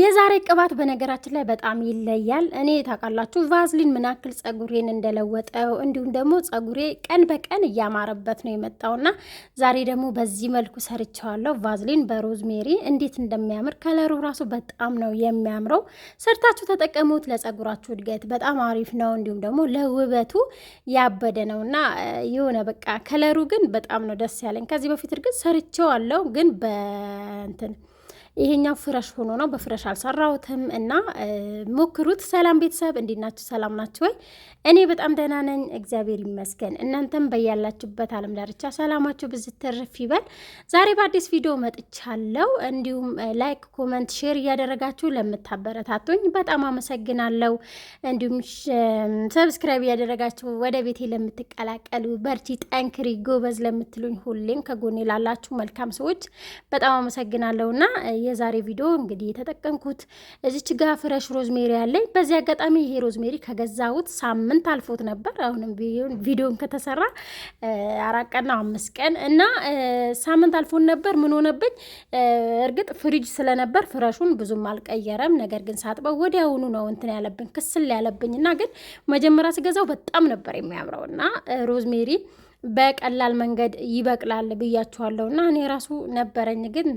የዛሬ ቅባት በነገራችን ላይ በጣም ይለያል። እኔ ታውቃላችሁ ቫዝሊን ምናክል ጸጉሬን እንደለወጠው እንዲሁም ደግሞ ጸጉሬ ቀን በቀን እያማረበት ነው የመጣውና ዛሬ ደግሞ በዚህ መልኩ ሰርቸዋለሁ። ቫዝሊን በሮዝሜሪ እንዴት እንደሚያምር ከለሩ ራሱ በጣም ነው የሚያምረው። ሰርታችሁ ተጠቀሙት። ለጸጉራችሁ እድገት በጣም አሪፍ ነው፣ እንዲሁም ደግሞ ለውበቱ ያበደ ነው እና የሆነ በቃ ከለሩ ግን በጣም ነው ደስ ያለኝ። ከዚህ በፊት እርግጥ ሰርቸዋለሁ ግን በእንትን ይሄኛው ፍረሽ ሆኖ ነው፣ በፍረሽ አልሰራሁትም እና ሞክሩት። ሰላም ቤተሰብ፣ እንዴት ናችሁ? ሰላም ናችሁ ወይ? እኔ በጣም ደህና ነኝ፣ እግዚአብሔር ይመስገን። እናንተም በያላችሁበት ዓለም ዳርቻ ሰላማችሁ ብዝት ትርፍ ይበል። ዛሬ በአዲስ ቪዲዮ መጥቻለሁ። እንዲሁም ላይክ፣ ኮመንት፣ ሼር እያደረጋችሁ ለምታበረታቱኝ በጣም አመሰግናለሁ። እንዲሁም ሰብስክራይብ እያደረጋችሁ ወደ ቤቴ ለምትቀላቀሉ በርቺ፣ ጠንክሪ፣ ጎበዝ ለምትሉኝ ሁሌም ከጎኔ ላላችሁ መልካም ሰዎች በጣም አመሰግናለሁና የዛሬ ቪዲዮ እንግዲህ የተጠቀምኩት እዚች ጋ ፍረሽ ሮዝሜሪ አለኝ። በዚህ አጋጣሚ ይሄ ሮዝሜሪ ከገዛሁት ሳምንት አልፎት ነበር። አሁንም ቪዲዮን ከተሰራ አራት ቀንና አምስት ቀን እና ሳምንት አልፎን ነበር። ምን ሆነብኝ? እርግጥ ፍሪጅ ስለነበር ፍረሹን ብዙም አልቀየረም። ነገር ግን ሳጥበው ወዲያውኑ ነው እንትን ያለብኝ ክስል ያለብኝ እና ግን መጀመሪያ ስገዛው በጣም ነበር የሚያምረው እና ሮዝሜሪ በቀላል መንገድ ይበቅላል ብያችኋለሁ። እና እኔ ራሱ ነበረኝ፣ ግን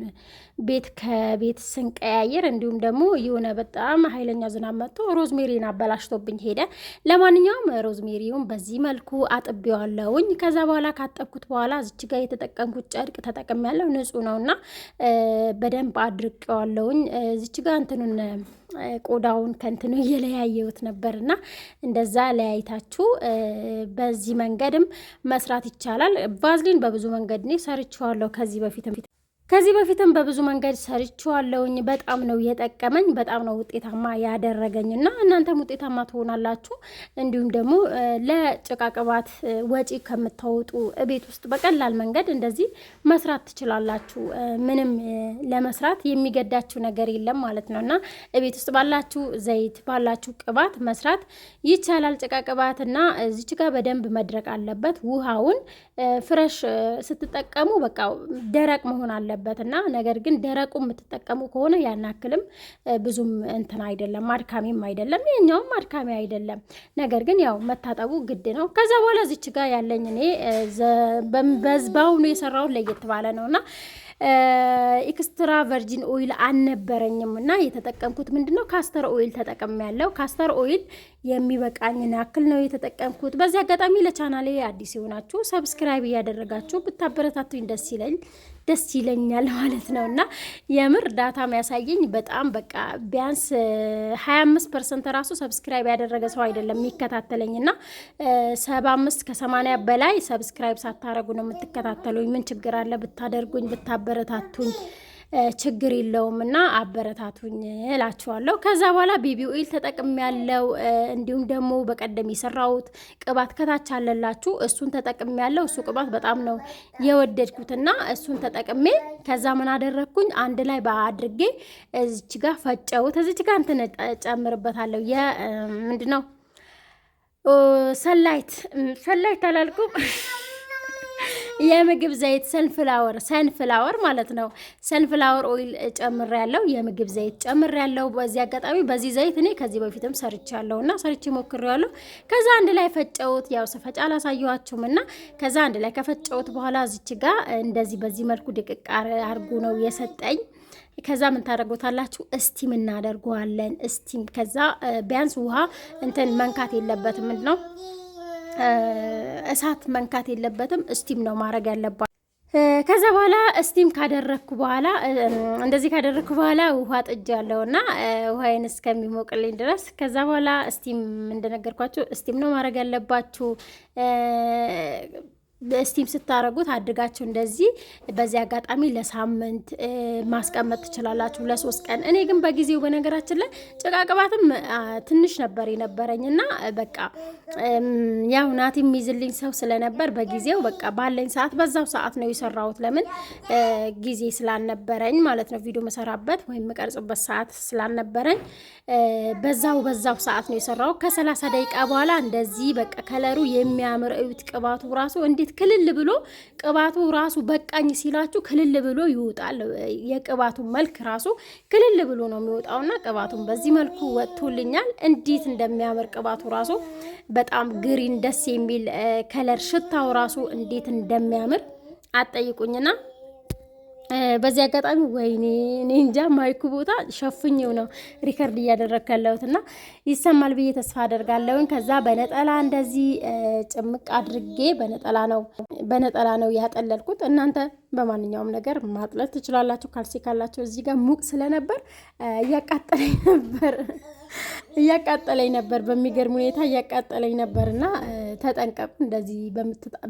ቤት ከቤት ስንቀያየር እንዲሁም ደግሞ የሆነ በጣም ኃይለኛ ዝናብ መጥቶ ሮዝሜሪን አበላሽቶብኝ ሄደ። ለማንኛውም ሮዝሜሪውን በዚህ መልኩ አጥቤዋለሁኝ። ከዛ በኋላ ካጠብኩት በኋላ እዚች ጋር የተጠቀምኩት ጨርቅ ተጠቅሜያለሁ። ንጹህ ነው እና በደንብ አድርቄዋለሁኝ። እዚች ጋር እንትኑን ቆዳውን ከንትኑ እየለያየሁት ነበር እና እንደዛ ለያይታችሁ በዚህ መንገድም መስራት ይቻላል። ቫዝሊን በብዙ መንገድ እኔ ሰርችዋለሁ ከዚህ በፊት ከዚህ በፊትም በብዙ መንገድ ሰርችዋለውኝ በጣም ነው የጠቀመኝ፣ በጣም ነው ውጤታማ ያደረገኝ እና እናንተም ውጤታማ ትሆናላችሁ። እንዲሁም ደግሞ ለጭቃ ቅባት ወጪ ከምታወጡ ቤት ውስጥ በቀላል መንገድ እንደዚህ መስራት ትችላላችሁ። ምንም ለመስራት የሚገዳችሁ ነገር የለም ማለት ነው እና ቤት ውስጥ ባላችሁ ዘይት፣ ባላችሁ ቅባት መስራት ይቻላል። ጭቃ ቅባት እና እዚች ጋር በደንብ መድረቅ አለበት። ውሃውን ፍረሽ ስትጠቀሙ በቃ ደረቅ መሆን አለበት። አለበት እና ነገር ግን ደረቁ የምትጠቀሙ ከሆነ ያናክልም ብዙም እንትን አይደለም፣ አድካሚም አይደለም፣ ይህኛውም አድካሚ አይደለም። ነገር ግን ያው መታጠቡ ግድ ነው። ከዛ በኋላ እዚች ጋር ያለኝ እኔ በዝባውኑ የሰራውን ለየት ባለ ነው እና ኤክስትራ ቨርጂን ኦይል አልነበረኝም እና የተጠቀምኩት ምንድነው ካስተር ኦይል ያለው ካስተር ኦይል የሚበቃኝን ያክል ነው የተጠቀምኩት። በዚህ አጋጣሚ ለቻናሌ አዲስ የሆናችሁ ሰብስክራይብ እያደረጋችሁ ብታበረታቱኝ ደስ ይለኝ ደስ ይለኛል ማለት ነው። እና የምር ዳታ ያሳየኝ በጣም በቃ ቢያንስ 25 ፐርሰንት ራሱ ሰብስክራይብ ያደረገ ሰው አይደለም የሚከታተለኝ እና 75 ከ80 በላይ ሰብስክራይብ ሳታረጉ ነው የምትከታተሉኝ። ምን ችግር አለ ብታደርጉኝ ብታበረታቱኝ ችግር የለውም እና አበረታቱኝ እላችኋለሁ። ከዛ በኋላ ቤቢ ኦይል ተጠቅም ያለው እንዲሁም ደግሞ በቀደም የሰራሁት ቅባት ከታች አለላችሁ እሱን ተጠቅም ያለው እሱ ቅባት በጣም ነው የወደድኩትና እሱን ተጠቅሜ ከዛ ምን አደረግኩኝ አንድ ላይ በአድርጌ እዚች ጋር ፈጨሁት። እዚች ጋር እንትን ጨምርበታለሁ የምንድነው ሰላይት ሰላይት አላልኩም የምግብ ዘይት ሰንፍላወር ሰንፍላወር ማለት ነው። ሰንፍላወር ኦይል ጨምር ያለው የምግብ ዘይት ጨምር ያለው። በዚህ አጋጣሚ በዚህ ዘይት እኔ ከዚህ በፊትም ሰርቻለሁ እና ሰርቼ ሞክሬዋለሁ። ከዛ አንድ ላይ ፈጨውት፣ ያው ስፈጭ አላሳየኋችሁም እና ከዛ አንድ ላይ ከፈጨውት በኋላ እዚች ጋ እንደዚህ በዚህ መልኩ ድቅቅ አርጉ ነው የሰጠኝ። ከዛ ምን ታደርጉታላችሁ? እስቲም እናደርገዋለን። እስቲም ከዛ ቢያንስ ውሃ እንትን መንካት የለበትም ነው እሳት መንካት የለበትም። እስቲም ነው ማድረግ ያለባት። ከዛ በኋላ እስቲም ካደረግኩ በኋላ እንደዚህ ካደረግኩ በኋላ ውሃ ጥጅ ያለው እና ውሃዬን እስከሚሞቅልኝ ድረስ ከዛ በኋላ እስቲም እንደነገርኳችሁ እስቲም ነው ማድረግ ያለባችሁ። ስቲም ስታደረጉት አድጋችሁ እንደዚህ በዚህ አጋጣሚ ለሳምንት ማስቀመጥ ትችላላችሁ፣ ለሶስት ቀን። እኔ ግን በጊዜው በነገራችን ላይ ጭቃ ቅባትም ትንሽ ነበር የነበረኝ እና በቃ ያው ናት የሚይዝልኝ ሰው ስለነበር በጊዜው በቃ ባለኝ ሰዓት በዛው ሰዓት ነው የሰራሁት። ለምን ጊዜ ስላልነበረኝ ማለት ነው፣ ቪዲዮ መሰራበት ወይም የምቀርጽበት ሰዓት ስላልነበረኝ በዛው በዛው ሰዓት ነው የሰራሁት። ከሰላሳ ደቂቃ በኋላ እንደዚህ በቃ ከለሩ የሚያምር እዩት፣ ቅባቱ ራሱ እንዴት እንዴት ክልል ብሎ ቅባቱ ራሱ በቃኝ ሲላችሁ ክልል ብሎ ይወጣል። የቅባቱ መልክ ራሱ ክልል ብሎ ነው የሚወጣውና ቅባቱን በዚህ መልኩ ወጥቶልኛል። እንዴት እንደሚያምር ቅባቱ ራሱ በጣም ግሪን ደስ የሚል ከለር፣ ሽታው ራሱ እንዴት እንደሚያምር አትጠይቁኝና በዚህ አጋጣሚ ወይኔ እኔ እንጃ ማይኩ ቦታ ሸፍኝው ነው ሪከርድ እያደረግኩ ያለሁት እና ይሰማል ብዬ ተስፋ አደርጋለሁኝ። ከዛ በነጠላ እንደዚህ ጭምቅ አድርጌ በነጠላ ነው በነጠላ ነው ያጠለልኩት። እናንተ በማንኛውም ነገር ማጥለል ትችላላችሁ። ካልሲ ካላችሁ እዚህ ጋር ሙቅ ስለነበር እያቃጠለኝ ነበር። እያቃጠለኝ ነበር። በሚገርም ሁኔታ እያቃጠለኝ ነበር እና ተጠንቀቁ። እንደዚህ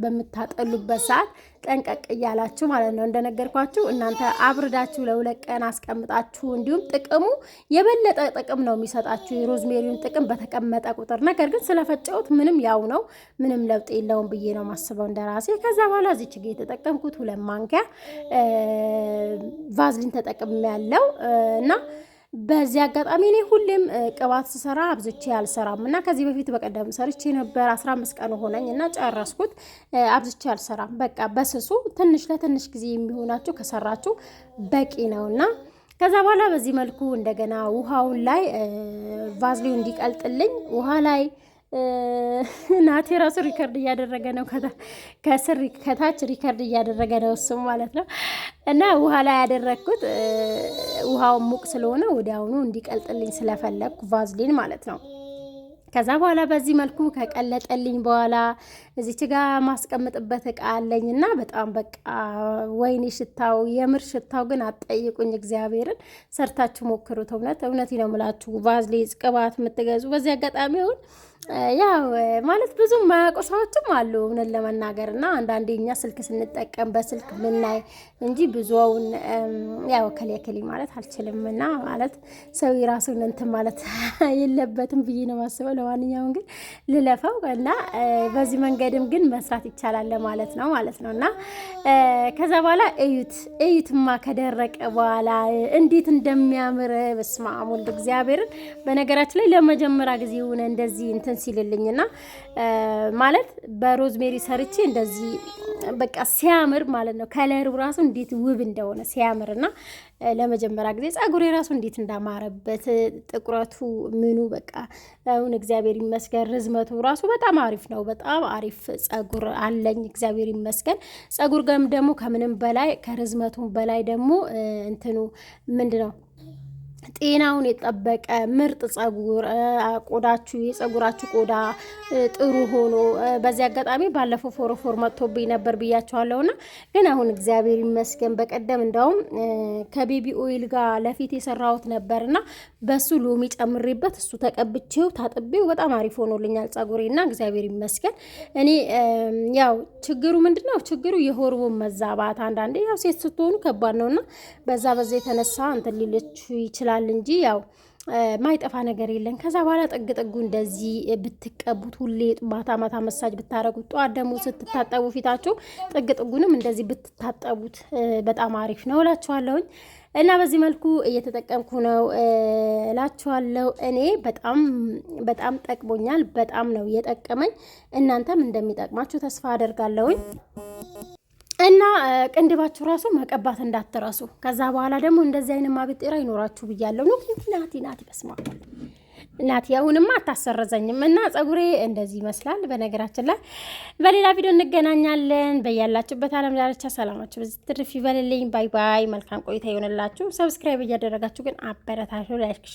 በምታጠሉበት ሰዓት ጠንቀቅ እያላችሁ ማለት ነው። እንደነገርኳችሁ እናንተ አብርዳችሁ ለሁለት ቀን አስቀምጣችሁ፣ እንዲሁም ጥቅሙ የበለጠ ጥቅም ነው የሚሰጣችሁ የሮዝሜሪውን ጥቅም በተቀመጠ ቁጥር። ነገር ግን ስለፈጨሁት ምንም ያው ነው፣ ምንም ለውጥ የለውም ብዬ ነው ማስበው እንደራሴ። ከዛ በኋላ እዚች ጋ የተጠቀምኩት ሁለት ማንኪያ ቫዝሊን ያለው እና በዚህ አጋጣሚ እኔ ሁሌም ቅባት ስሰራ አብዝቼ አልሰራም እና ከዚህ በፊት በቀደም ሰርቼ ነበር። 15 ቀን ሆነኝ እና ጨረስኩት። አብዝቼ አልሰራም። በቃ በስሱ ትንሽ ለትንሽ ጊዜ የሚሆናችሁ ከሰራችሁ በቂ ነው እና ከዛ በኋላ በዚህ መልኩ እንደገና ውሃውን ላይ ቫዝሊን እንዲቀልጥልኝ ውሃ ላይ ናቴ ራሱ ሪከርድ እያደረገ ነው። ከስር ከታች ሪከርድ እያደረገ ነው እሱም ማለት ነው። እና ውሃ ላይ ያደረግኩት ውሃውን ሙቅ ስለሆነ ወዲያውኑ እንዲቀልጥልኝ ስለፈለግኩ ቫዝሊን ማለት ነው። ከዛ በኋላ በዚህ መልኩ ከቀለጠልኝ በኋላ እዚች ጋ ማስቀምጥበት እቃ አለኝ እና በጣም በቃ ወይኔ ሽታው የምር ሽታው ግን አትጠይቁኝ። እግዚአብሔርን ሰርታችሁ ሞክሩት። እውነት እውነት ነው የምላችሁ ቫዝሊን ቅባት የምትገዙ በዚህ አጋጣሚ ያው ማለት ብዙ የማያውቁ ሰዎችም አሉ እውነት ለመናገር እና አንዳንዴ እኛ ስልክ ስንጠቀም በስልክ ምናይ እንጂ ብዙውን ያው ከሌ ከሌ ማለት አልችልም እና ማለት ሰው የራሱን እንትን ማለት የለበትም ብዬ ነው የማስበው። ለማንኛውም ግን ልለፈው እና በዚህ መንገድም ግን መስራት ይቻላል ማለት ነው ማለት ነው እና ከዛ በኋላ እዩት እዩትማ ከደረቀ በኋላ እንዴት እንደሚያምር በስመ አብ ወልድ እግዚአብሔርን። በነገራችን ላይ ለመጀመሪያ ጊዜ ሆነ እንደዚህ እንትን ሲልልኝና ማለት በሮዝሜሪ ሰርቼ እንደዚህ በቃ ሲያምር ማለት ነው። ከለሩ ራሱ እንዴት ውብ እንደሆነ ሲያምር እና ለመጀመሪያ ጊዜ ጸጉሬ ራሱ እንዴት እንዳማረበት ጥቁረቱ ምኑ በቃ አሁን እግዚአብሔር ይመስገን ርዝመቱ ራሱ በጣም አሪፍ ነው። በጣም አሪፍ ጸጉር አለኝ እግዚአብሔር ይመስገን። ጸጉር ገም ደግሞ ከምንም በላይ ከርዝመቱም በላይ ደግሞ እንትኑ ምንድን ነው ጤናውን የጠበቀ ምርጥ ጸጉር ቆዳችሁ የጸጉራችሁ ቆዳ ጥሩ ሆኖ በዚህ አጋጣሚ ባለፈው ፎረፎር መጥቶብኝ ነበር ብያቸዋለሁ እና ግን አሁን እግዚአብሔር ይመስገን በቀደም እንደውም ከቤቢ ኦይል ጋር ለፊት የሰራሁት ነበር እና በሱ ሎሚ ጨምሬበት እሱ ተቀብቼው ታጥቤው በጣም አሪፍ ሆኖልኛል ጸጉሬ እና እግዚአብሔር ይመስገን እኔ ያው ችግሩ ምንድን ነው ችግሩ የሆርሞን መዛባት አንዳንዴ ያው ሴት ስትሆኑ ከባድ ነው እና በዛ በዛ የተነሳ እንትን ሊለች ይችላል ይችላል እንጂ ያው ማይጠፋ ነገር የለም። ከዛ በኋላ ጥግ ጥጉ እንደዚህ ብትቀቡት ሁሌ ማታ ማታ መሳጅ ብታረጉት፣ ጠዋት ደግሞ ስትታጠቡ ፊታችሁ ጥግ ጥጉንም እንደዚህ ብትታጠቡት በጣም አሪፍ ነው እላችኋለሁኝ። እና በዚህ መልኩ እየተጠቀምኩ ነው እላችኋለሁ። እኔ በጣም በጣም ጠቅሞኛል። በጣም ነው የጠቀመኝ። እናንተም እንደሚጠቅማችሁ ተስፋ አደርጋለሁኝ። እና ቅንድባችሁ ራሱ መቀባት እንዳትረሱ። ከዛ በኋላ ደግሞ እንደዚህ አይነት ማበጤራ ይኖራችሁ ብያለሁ። ነው ናቲ ናቲ በስማ ናቲ አሁንማ አታሰረዘኝም። እና ጸጉሬ እንደዚህ ይመስላል። በነገራችን ላይ በሌላ ቪዲዮ እንገናኛለን። በያላችሁበት ዓለም ዳርቻ ሰላማችሁ በዚህ ትርፍ ይበልልኝ። ባይ ባይ። መልካም ቆይታ ይሆንላችሁ። ሰብስክራይብ እያደረጋችሁ ግን አበረታችሁ ላይክ